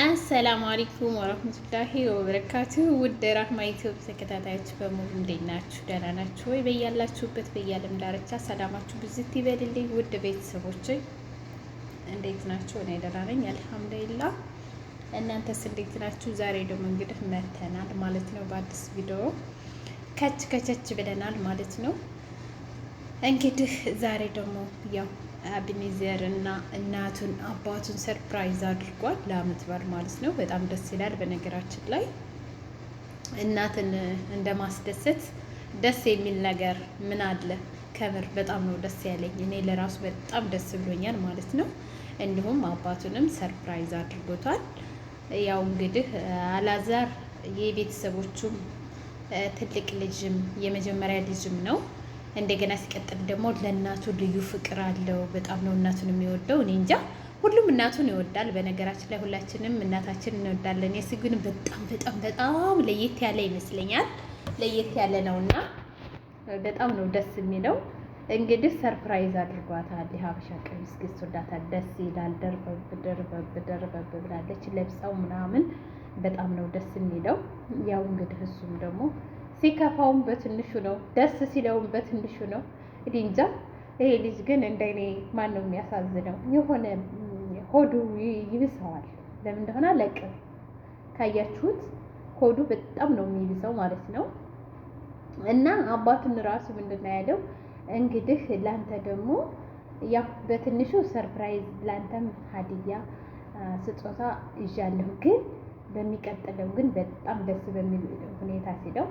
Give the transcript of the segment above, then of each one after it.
አሰላሙ አለይኩም ወረህመቱላሂ ወበረካቱሁ። ውድ ራህማ ዩቲዩብ ተከታታዮች በሙሉ እንዴት ናችሁ? ደህና ናችሁ ወይ? በያላችሁበት በያለም ዳርቻ ሰላማችሁ ብዝት ይበልልኝ። ውድ ቤተሰቦች እንዴት ናችሁ? እኔ ደህና ነኝ አልሐምዱሊላህ። እናንተስ እንዴት ናችሁ? ዛሬ ደግሞ እንግዲህ መተናል ማለት ነው በአዲስ ቪዲዮ ከች ከቸች ብለናል ማለት ነው። እንግዲህ ዛሬ ደግሞ ያው አብኔዘር እና እናቱን አባቱን ሰርፕራይዝ አድርጓል። ለአመት በዓል ማለት ነው። በጣም ደስ ይላል። በነገራችን ላይ እናትን እንደማስደሰት ደስ የሚል ነገር ምን አለ? ከምር በጣም ነው ደስ ያለኝ። እኔ ለራሱ በጣም ደስ ብሎኛል ማለት ነው። እንዲሁም አባቱንም ሰርፕራይዝ አድርጎታል። ያው እንግዲህ አላዛር የቤተሰቦቹም ትልቅ ልጅም የመጀመሪያ ልጅም ነው። እንደገና ሲቀጥል ደግሞ ለእናቱ ልዩ ፍቅር አለው። በጣም ነው እናቱን የሚወደው። እኔ እንጃ ሁሉም እናቱን ይወዳል። በነገራችን ላይ ሁላችንም እናታችን እንወዳለን። የሱ ግን በጣም በጣም በጣም ለየት ያለ ይመስለኛል። ለየት ያለ ነው እና በጣም ነው ደስ የሚለው። እንግዲህ ሰርፕራይዝ አድርጓታል። የሀበሻ ቀሚስ ገዝቶላታል። ደስ ይላል። ደርበብ ደርበብ ደርበብ ብላለች። ለብሳው ምናምን በጣም ነው ደስ የሚለው። ያው እንግዲህ እሱም ደግሞ ሲከፋውም በትንሹ ነው፣ ደስ ሲለውም በትንሹ ነው። እኔ እንጃ ይሄ ልጅ ግን እንደኔ ማን ነው የሚያሳዝነው? የሆነ ሆዱ ይብሰዋል። ለምን እንደሆነ አላውቅም። ካያችሁት ሆዱ በጣም ነው የሚብሰው ማለት ነው። እና አባቱን ራሱ ምንድን ነው ያለው እንግዲህ ላንተ ደግሞ በትንሹ ሰርፕራይዝ ላንተም ሀዲያ ስጦታ ይዣለሁ፣ ግን በሚቀጥለው ግን በጣም ደስ በሚል ሁኔታ ሲለው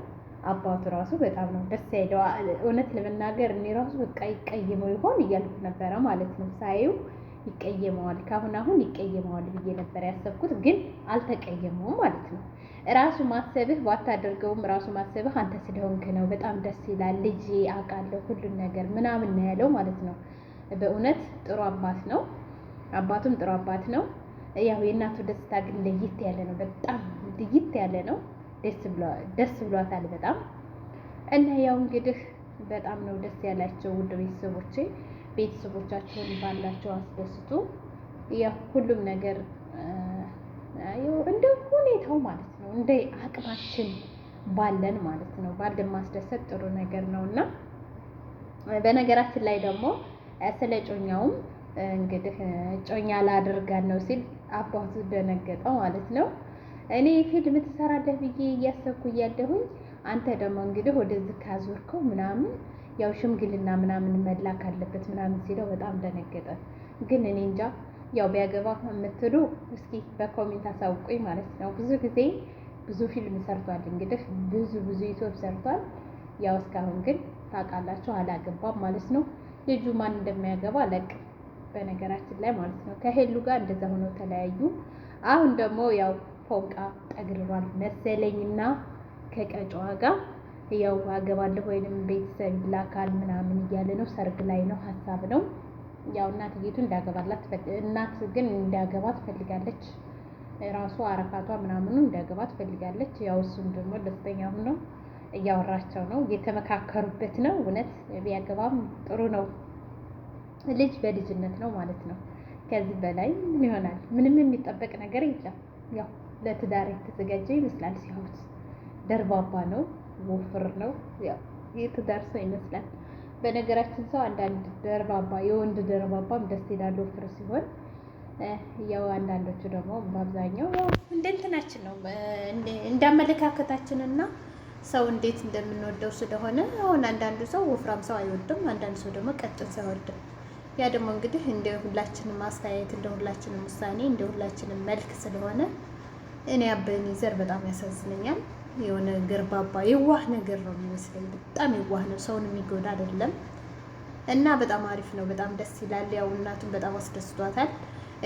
አባቱ ራሱ በጣም ነው ደስ ያለው። እውነት ለመናገር እኔ ራሱ በቃ ይቀየመው ይሆን እያልኩ ነበረ ማለት ነው። ሳዩ ይቀየመዋል፣ ካሁን አሁን ይቀየመዋል ብዬ ነበር ያሰብኩት፣ ግን አልተቀየመውም ማለት ነው። ራሱ ማሰብህ ባታደርገውም ራሱ ማሰብህ አንተ ስለሆንክ ነው። በጣም ደስ ይላል። ልጅ አውቃለሁ ሁሉን ነገር ምናምን ነው ያለው ማለት ነው። በእውነት ጥሩ አባት ነው። አባቱም ጥሩ አባት ነው። ያው የእናቱ ደስታ ግን ለየት ያለ ነው። በጣም ለየት ያለ ነው። ደስ ብሏታል በጣም እና ያው እንግዲህ በጣም ነው ደስ ያላቸው ውድ ቤተሰቦቼ። ቤተሰቦቻቸውን ባላቸው አስደስቱ። ያው ሁሉም ነገር እንደ ሁኔታው ማለት ነው፣ እንደ አቅማችን ባለን ማለት ነው ባለን ማስደሰት ጥሩ ነገር ነው እና በነገራችን ላይ ደግሞ ስለ ጮኛውም እንግዲህ ጮኛ ላደርጋን ነው ሲል አባቱ ደነገጠው ማለት ነው። እኔ ፊልም ትሰራለህ ብዬ እያሰብኩ እያለሁኝ አንተ ደግሞ እንግዲህ ወደዚህ ካዞርከው ምናምን ያው ሽምግልና ምናምን መላክ አለበት ምናምን ሲለው በጣም ደነገጠ። ግን እኔ እንጃ ያው ቢያገባ የምትሉ እስኪ በኮሜንት አሳውቁኝ ማለት ነው። ብዙ ጊዜ ብዙ ፊልም ሰርቷል እንግዲህ ብዙ ብዙ ዩቲዩብ ሰርቷል። ያው እስካሁን ግን ታውቃላችሁ አላገባም ማለት ነው። ልጁ ማን እንደሚያገባ ለቅ በነገራችን ላይ ማለት ነው። ከሄሉ ጋር እንደዛ ሆነው ተለያዩ። አሁን ደግሞ ያው ፎንቃ ጠግርሯል መሰለኝና ከቀጫዋ ጋር ያው አገባለሁ ወይንም ቤተሰብ ላካል ምናምን እያለ ነው። ሰርግ ላይ ነው ሀሳብ ነው። ያው ጌቱ እንዳገባላት እናት ግን እንዳገባ ትፈልጋለች። ራሱ አረፋቷ ምናምኑ እንዳገባ ትፈልጋለች። ያው እሱም ደግሞ ደስተኛ ሆኖ እያወራቸው ነው፣ የተመካከሩበት ነው። እውነት ቢያገባም ጥሩ ነው። ልጅ በልጅነት ነው ማለት ነው። ከዚህ በላይ ምን ይሆናል? ምንም የሚጠበቅ ነገር የለም ያው ለትዳር የተዘጋጀ ይመስላል። ሲያዩት ደርባባ ነው፣ ወፍር ነው፣ የትዳር ሰው ይመስላል። በነገራችን ሰው አንዳንድ ደርባባ የወንድ ደርባባም ደስ ይላል ወፍር ሲሆን፣ ያው አንዳንዶቹ ደግሞ በአብዛኛው ያው እንደ እንትናችን ነው እንደአመለካከታችንና ሰው እንዴት እንደምንወደው ስለሆነ አሁን አንዳንዱ ሰው ወፍራም ሰው አይወድም፣ አንዳንዱ ሰው ደግሞ ቀጭን ሰው አይወድም። ያ ደግሞ እንግዲህ እንደ ሁላችንም አስተያየት እንደ ሁላችንም ውሳኔ እንደ ሁላችንም መልክ ስለሆነ እኔ አቤኔዘር በጣም ያሳዝነኛል። የሆነ ገርባባ የዋህ ነገር ነው የሚመስለኝ። በጣም የዋህ ነው፣ ሰውን የሚጎዳ አይደለም እና በጣም አሪፍ ነው። በጣም ደስ ይላል። ያው እናቱን በጣም አስደስቷታል።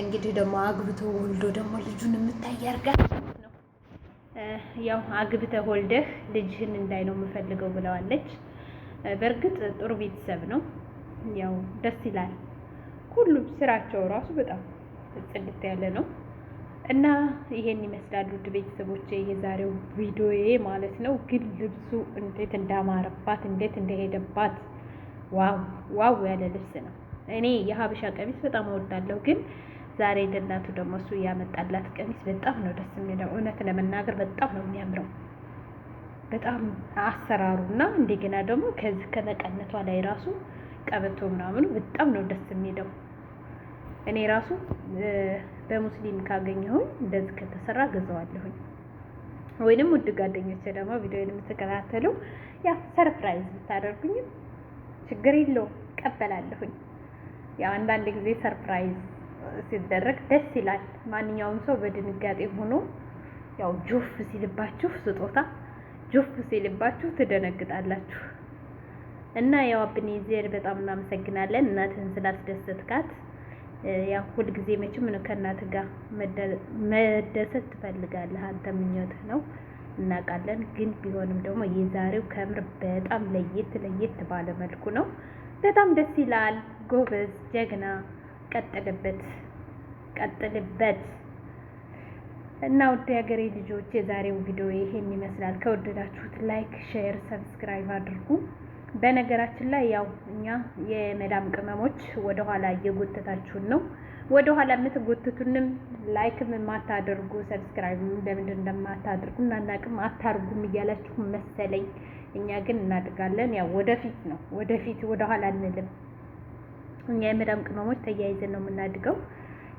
እንግዲህ ደግሞ አግብቶ ወልዶ ደግሞ ልጁን የምታይ ያርጋል ያው አግብተ ወልደህ ልጅህን እንዳይ ነው የምፈልገው ብለዋለች። በእርግጥ ጥሩ ቤተሰብ ነው። ያው ደስ ይላል። ሁሉም ስራቸው ራሱ በጣም ጽድት ያለ ነው። እና ይሄን ይመስላሉ ውድ ቤተሰቦቼ የዛሬው ቪዲዮዬ ማለት ነው። ግን ልብሱ እንዴት እንዳማረባት እንዴት እንደሄደባት ዋው ዋው ያለ ልብስ ነው። እኔ የሀበሻ ቀሚስ በጣም እወዳለሁ። ግን ዛሬ ለእናቱ ደግሞ እሱ ያመጣላት ቀሚስ በጣም ነው ደስ የሚለው። እውነት ለመናገር በጣም ነው የሚያምረው። በጣም አሰራሩ እና እንደገና ደግሞ ከዚህ ከመቀነቷ ላይ ራሱ ቀበቶ ምናምኑ በጣም ነው ደስ የሚለው። እኔ ራሱ በሙስሊም ካገኘሁኝ እንደዚህ ከተሰራ ገዛዋለሁኝ። ወይንም ውድ ጓደኞች ደግሞ ቪዲዮን የምትከታተሉ ያ ሰርፕራይዝ ብታደርጉኝም ችግር የለውም ቀበላለሁኝ። ያው አንዳንድ ጊዜ ሰርፕራይዝ ሲደረግ ደስ ይላል። ማንኛውም ሰው በድንጋጤ ሆኖ ያው ጆፍ ሲልባችሁ ስጦታ ጆፍ ሲልባችሁ ትደነግጣላችሁ። እና ያው አብኔዘር በጣም እናመሰግናለን እናትህን ስላስደሰትካት ጊዜ ሁልጊዜ መቼም ከእናት ጋር መደሰት ትፈልጋለህ አንተ ምኞትህ ነው እናውቃለን። ግን ቢሆንም ደግሞ የዛሬው ከምር በጣም ለየት ለየት ባለ መልኩ ነው። በጣም ደስ ይላል። ጎበዝ ጀግና፣ ቀጥልበት ቀጥልበት። እና ውድ ሀገሬ ልጆች የዛሬው ቪዲዮ ይሄን ይመስላል። ከወደዳችሁት ላይክ፣ ሼር፣ ሰብስክራይብ አድርጉ። በነገራችን ላይ ያው እኛ የመዳም ቅመሞች ወደኋላ እየጎተታችሁን ነው። ወደኋላ የምትጎትቱንም ላይክም የማታደርጉ ሰብስክራይብ ለምንድን እንደማታደርጉ እናናቅም አታርጉም እያላችሁ መሰለኝ። እኛ ግን እናድጋለን። ያው ወደፊት ነው ወደፊት ወደኋላ አንልም። እኛ የመዳም ቅመሞች ተያይዘን ነው የምናድገው።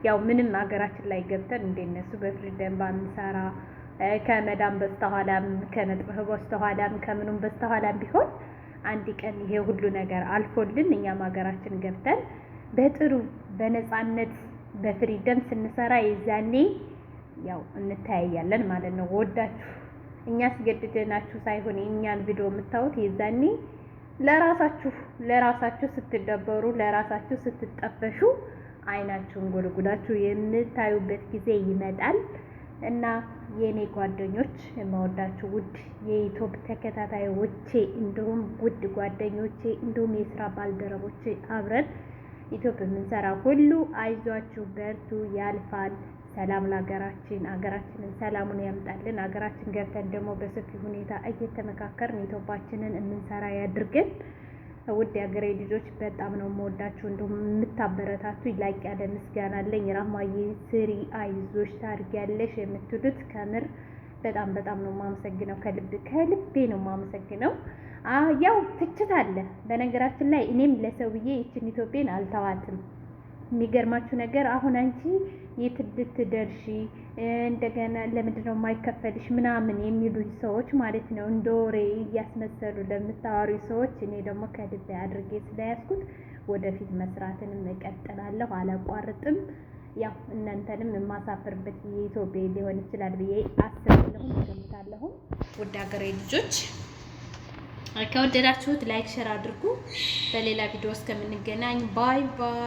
ያው ምንም ሀገራችን ላይ ገብተን እንደነሱ በፍሪደን ባንሰራ ከመዳም በስተኋላም ከመጥበህ በስተኋላም ከምኑም በስተኋላም ቢሆን አንድ ቀን ይሄ ሁሉ ነገር አልፎልን እኛም ሀገራችን ገብተን በጥሩ በነፃነት በፍሪደም ስንሰራ የዛኔ ያው እንተያያለን ማለት ነው። ወዳችሁ እኛ አስገድደናችሁ ሳይሆን የእኛን ቪዲዮ የምታዩት የዛኔ ለራሳችሁ ለራሳችሁ ስትደበሩ ለራሳችሁ ስትጠበሹ አይናችሁን ጎልጉላችሁ የምታዩበት ጊዜ ይመጣል። እና የእኔ ጓደኞች የማወዳችሁ ውድ የኢትዮፕ ተከታታዮቼ እንዲሁም ውድ ጓደኞቼ እንዲሁም የስራ ባልደረቦቼ አብረን ኢትዮጵያ የምንሰራ ሁሉ አይዟችሁ፣ በርቱ፣ ያልፋል። ሰላም ለሀገራችን፣ ሀገራችንን ሰላሙን ያምጣልን። ሀገራችን ገብተን ደግሞ በሰፊ ሁኔታ እየተመካከርን ኢትዮጵያችንን የምንሰራ ያድርገን። ውድ የሀገሬ ልጆች በጣም ነው የምወዳችሁ። እንዲሁም የምታበረታቱ ላቅ ያለ ምስጋና አለኝ። ራማዬ ስሪ፣ አይዞሽ፣ ታርጊያለሽ የምትሉት ከምር በጣም በጣም ነው የማመሰግነው። ከልብ ከልቤ ነው የማመሰግነው። ያው ትችት አለ በነገራችን ላይ እኔም ለሰውዬ ይችን ኢትዮጵያን አልተዋትም። የሚገርማችሁ ነገር አሁን አንቺ የት ልትደርሺ እንደገና ለምንድነው ማይከፈልሽ የማይከፈልሽ ምናምን የሚሉኝ ሰዎች ማለት ነው እንደ ወሬ እያስመሰሉ ለምታዋሪ ሰዎች እኔ ደግሞ ከልቤ አድርጌ ስለያዝኩት ወደፊት መስራትንም እቀጥላለሁ፣ አላቋርጥም። ያው እናንተንም የማሳፍርበት የኢትዮጵያ ሊሆን ይችላል ብዬ አስባለሁም ገምታለሁ። ውድ ሀገሬ ልጆች ከወደዳችሁት ላይክ፣ ሸር አድርጉ። በሌላ ቪዲዮ እስከምንገናኝ ባይ ባይ።